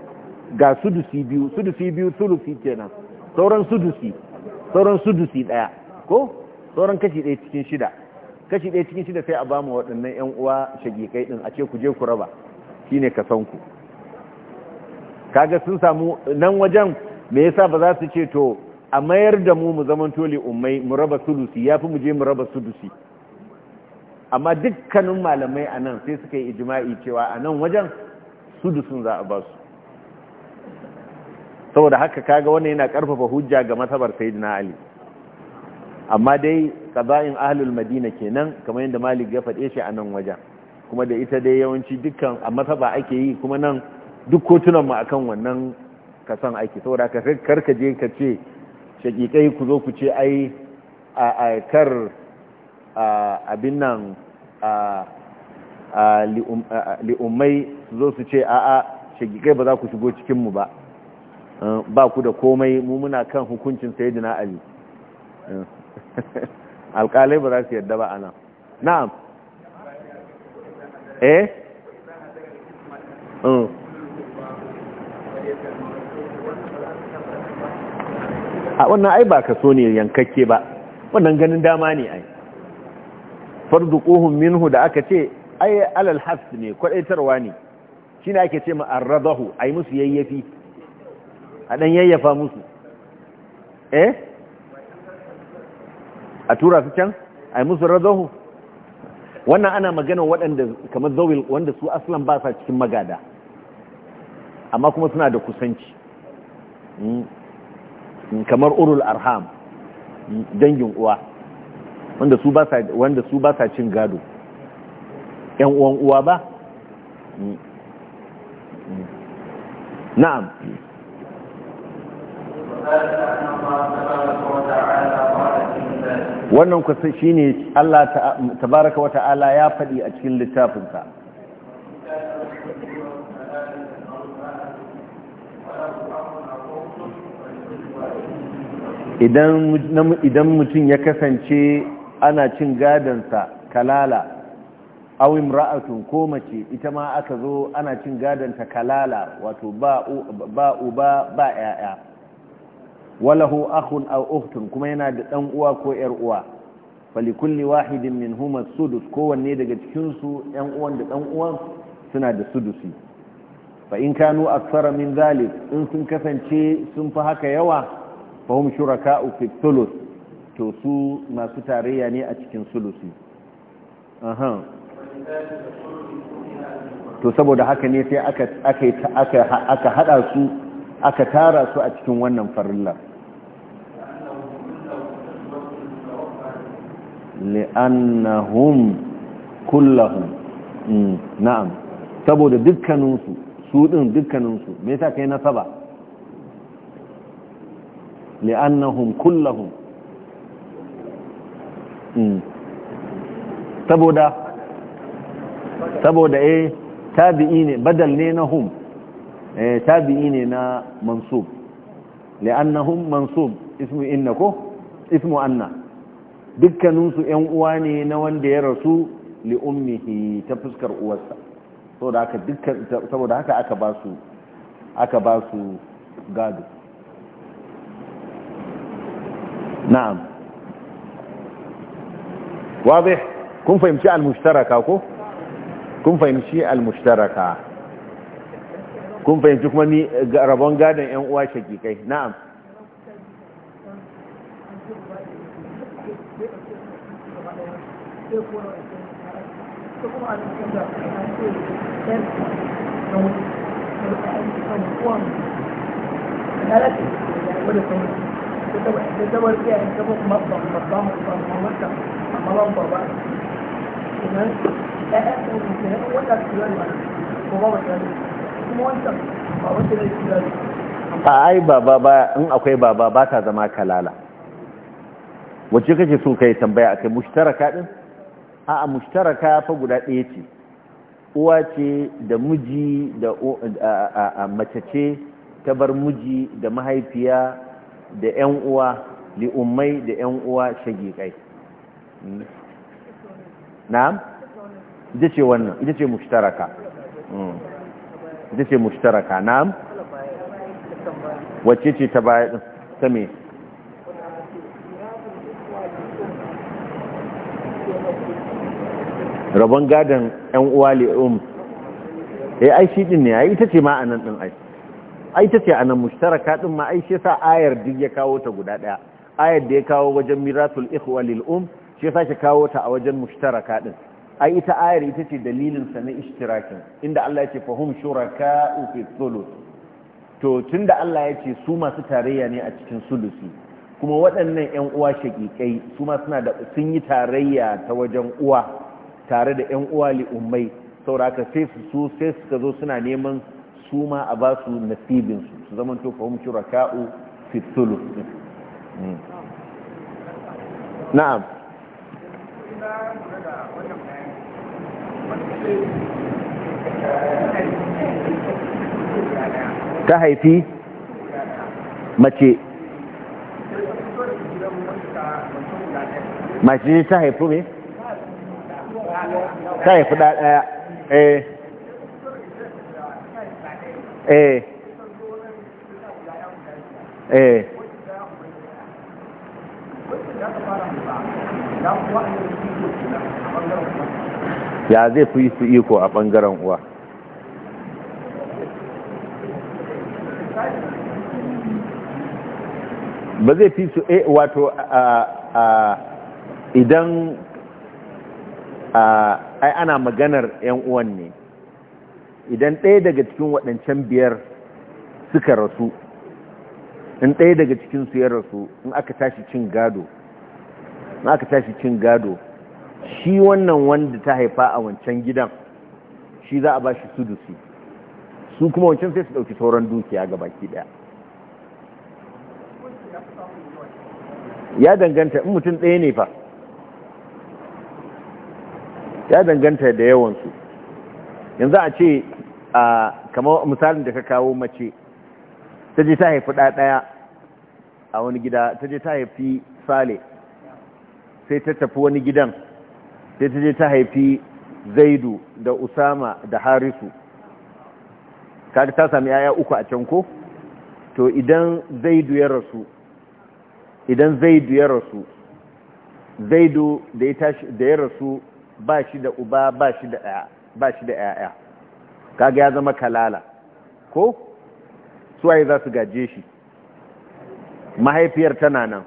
ga sudusi biyu sudusi biyu sulusi kenan sauran sudusi sauran sudusi daya ko sauran kashi daya cikin shida kashi ɗaya cikin shida sai a ba mu waɗannan 'yan uwa shagikai ɗin a ce ku je ku raba shi ne ka san ku kaga sun samu nan wajen me yasa ba za su ce to a mayar da mu mu zaman toli ummai mu raba Sudusi ya fi mu je mu raba Sudusi. amma dukkanin malamai a nan sai suka yi ijima'i cewa a nan wajen sudusun za a ba su saboda haka kaga wannan yana karfafa hujja ga masabar sayyidina ali amma dai kaza'in ahlul madina kenan kamar yadda malik ya faɗe shi a nan wajen kuma da ita dai yawanci dukkan a masaba ake yi kuma nan duk kotunan mu akan wannan kasan ake saboda ka karka je ka ce shaƙiƙai ku zo ku ce ai a kar abin nan li'ummai um, su zo su ce a'a shaƙiƙai ba za ku shigo cikin mu ba eh, ba ku da komai mu muna kan hukuncin sayidina ali eh. [laughs] Alƙalai ba za su yadda ba ana na'am eh mm. a wannan ai ba ka so ne yankakke ba wannan ganin dama ne ai Fardu farduquhum minhu da aka ce ai alal hafs ne kwadaitarwa ne ne ake ce ma ai musu yayyafi a ɗan yayyafa musu eh a tura su can a yi musu razohu wannan ana magana waɗanda kamar zawil wanda su aslan ba sa cikin magada amma kuma suna da kusanci hmm. kamar urul arham dangin uwa wanda su ba sa cin gado ‘yan uwan uwa ba hmm. Hmm. na'am wannan kusa shi ne Allah tabaraka wa ta'ala ya faɗi a cikin littafinsa idan mutum ya kasance ana cin gadansa kalala awin imra'atun ko mace ita ma aka zo ana cin gadanta kalala wato ba uba ba 'ya'ya walahu akhun aw ukhtun kuma yana da dan uwa ko yar uwa falikulli wahidin min huma sudus kowanne daga cikin su yan uwan da dan uwan suna da sudusi fa in kanu aksara min zalik in sun kasance sun fi haka yawa fa hum shuraka'u fi thuluth to su masu tarayya ne a cikin sulusi aha to saboda haka ne sai aka aka aka hada su aka tara su a cikin wannan farillar li'annahum kullahum na'am saboda dukkaninsu su din dukkaninsu me sa kai nasaba li'annahum kullahum saboda saboda eh tabi'i ne badal ne na hum eh tabi'i ne na mansub li'annahum mansub ismu inna ko ismu anna dukkaninsu ‘yan uwa ne na wanda ya rasu li ummihi ta fuskar uwarsa saboda haka aka ba su aka ba su gado na'am wabe kun fahimci al-mushtaraka ko kun fahimci al-mushtaraka kun fahimci kuma ni rabon gadon ‘yan uwa shakikai na'am ba ai baba ba in akwai baba ba ta zama kalala wacce kake so kai tambaya a kai mushtaraka din a mushtaraka fa guda ɗaya ce uwa ce da miji da mace ce ta bar miji da mahaifiya da ƴan uwa li'ummai da ƴan uwa shagiƙai na'am ita ce wannan ita ce mushtaraka hmm. ita ce mushtaraka na'am wacce ce ta baya ta me rabon gadon yan uwa li'um ya eh, yi aishi din ne ai ita ce ma anan din aishi ai ita ce anan mushtaraka ɗin ma aishi sa ayar duk ya kawo ta guda ɗaya ayar da ya kawo wajen miratul ikhwa lil um shi ya sake kawo ta a wajen mushtaraka ɗin ai ita ayar ita ce dalilin sa na ishtirakin inda Allah ya ce fahum shuraka fi thuluth to tunda Allah ya ce su masu tarayya ne a cikin sulusi kuma waɗannan 'yan uwa shaƙiƙai su ma suna da sun yi tarayya ta wajen uwa tare da yan uwa li'ummai sauraka sai su so sai suka zo suna neman su ma a ba su nasibinsu su zama to fahim shuraka'u fitulu hmm. na'am ta haifi mace mace ta haifi ne? kai fi ɗaya eh eh eh ya zai fi su iko a ɓangaren uwa ba zai fi su eh, wato idan ai ana maganar 'yan uwan ne idan ɗaya daga cikin waɗancan biyar suka rasu in ɗaya daga cikin su ya rasu in aka tashi cin gado in aka tashi cin gado shi wannan wanda ta haifa a wancan gidan shi za a ba shi sudusi su kuma wancan sai su ɗauki sauran dukiya ga baki ɗaya ya danganta in mutum ɗaya ne fa ya danganta da yawansu yanzu a ce a kamar misalin da ka kawo mace ta je ta haifi ɗaya a wani gida ta je ta haifi sale sai ta tafi wani gidan sai ta je ta haifi zaidu da usama da harisu kada ta sami yaya uku a can ko to idan zaidu ya rasu idan zaidu ya rasu zaidu da ya rasu ba shi da uba ba shi da ɗaya ba shi da ‘ya'ya kaga ya zama kalala ko suwaye za su gaje shi mahaifiyar tana nan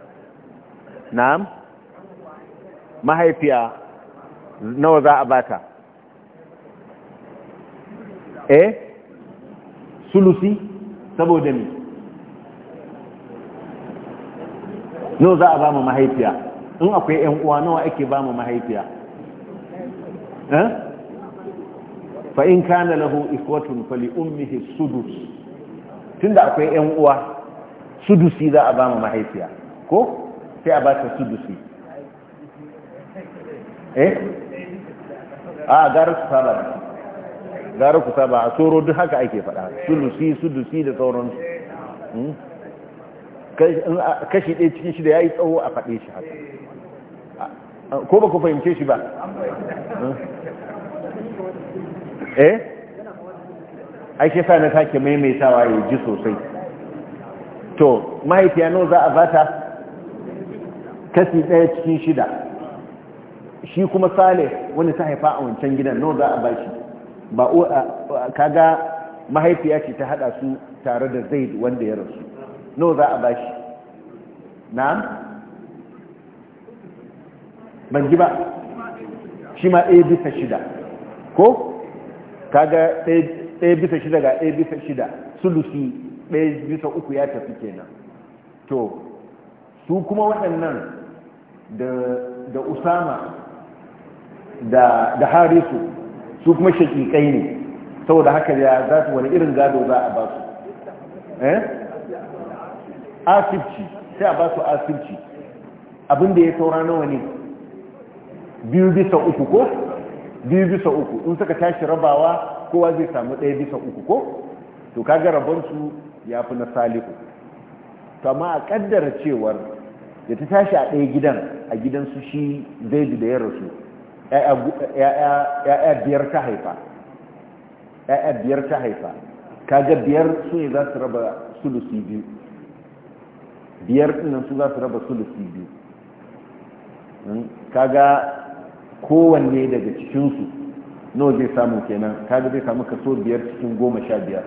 na'am mahaifiya nawa za a bata eh sulusi saboda ne nawa za a ba mu mahaifiya in akwai 'yan uwa nawa ake ba mu mahaifiya fa in kana lahu ikwatun fali ummihi sudus tunda akwai yan uwa sudusi za a ba mu mahaifiya ko sai a ba ta sudusi eh a gara ku saba gara ku saba a tsoro duk haka ake faɗa sudusi sudusi da sauransu hmm? kashi ɗaya cikin shi da ya yi tsawo a faɗe shi haka ko ba ku fahimce shi ba eh ake sa na take maimaitawa ya ji sosai to mahaifiya nawa za a bata kasi daya cikin shida shi kuma sale wani ta haifa a wancan gidan nawa za a ba shi ba kaga mahaifiya ce ta hada su tare da zaid wanda ya rasu nawa za a ba shi na ban ji ba shi ma ɗaya bisa shida ko kaga ɗaya bisa shida ga ɗaya bisa shida sulusi ɗaya bisa uku ya tafi kenan to su kuma waɗannan da usama da harisu su kuma shakikai ne saboda haka ya za su wani irin gado za a ba su eh asibci sai a ba su asibci abinda ya saura nawa ne biyu bisa uku ko biyu bisa uku in suka tashi rabawa kowa zai samu ɗaya bisa uku ko to kaga rabonsu ya fi na salihu to amma a kaddara cewar da ta tashi a ɗaya gidan a gidansu shi bi da ya rasu ya'ya biyar ta haifa ya'ya biyar ta haifa kaga biyar su ne za su raba sulusi biyu biyar ɗinnan su za su raba sulusi biyu hmm? kaga kowanne daga cikinsu nawa zai samu kenan kaga zai samu kaso biyar cikin goma sha biyar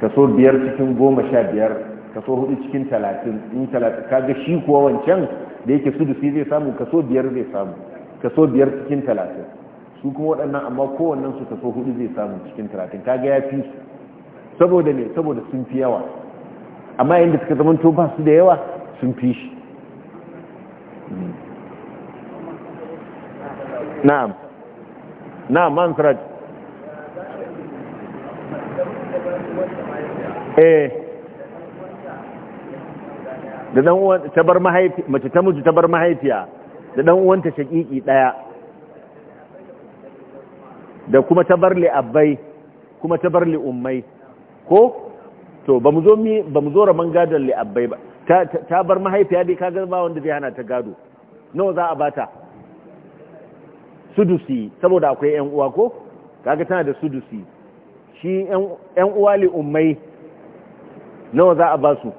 kaso biyar cikin goma sha biyar kaso hudu cikin talatin in talatin kaga shi kuwa wancan da yake su sudusi zai samu kaso biyar zai samu kaso biyar cikin talatin su kuma waɗannan amma kowannen su kaso hudu zai samu cikin talatin kaga ya fi su saboda ne saboda sun fi yawa amma yadda suka zamanto ba su da yawa sun fi shi hmm. نعم ما انفرج eh da dan uwan ta bar mahaifi mace ta mutu ta bar mahaifiya da dan ta shakiki daya da kuma ta bar li abbai kuma ta bar li ummai ko to ba mu zo mi ba mu zo raman gadon li abbai ba ta bar mahaifiya dai kaga ba wanda zai hana ta gado nawa za a bata sudusi saboda akwai yan uwa ko kaga tana da sudusi shi yan uwa li ummai nawa za a ba su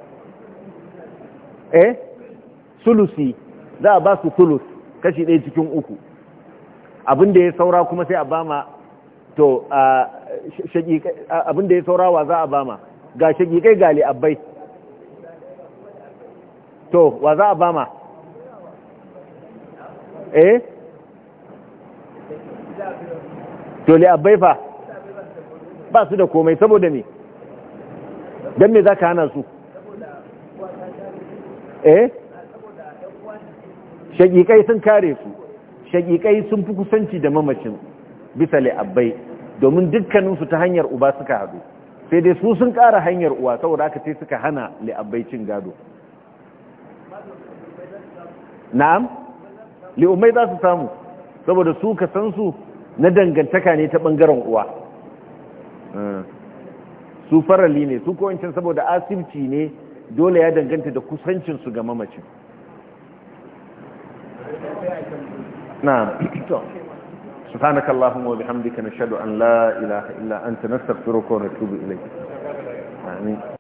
eh sulusi za a ba su sulus kashi ɗaya cikin uku abin da ya saura kuma sai a bama to abin da ya saura wa za a ma ga shagikai ga li'abbai to wa za a bama eh to abai fa ba su da komai saboda me don me za ka hana su eh shakikai sun kare su shaƙiƙai sun fi kusanci da mamacin bisa abai domin dukkaninsu ta hanyar uba suka haɗu sai dai su sun ƙara hanyar uwa saboda aka sai suka hana li'abbai cin gado na'am li'ummai za su samu saboda su ka san su na dangantaka ne ta bangaren uwa hmm. su farali ne su kowancin saboda asibci ne dole ya danganta da kusancinsu ga mamacin na to سبحانك اللهم وبحمدك نشهد أن لا إله إلا أنت نستغفرك ونتوب إليك آمين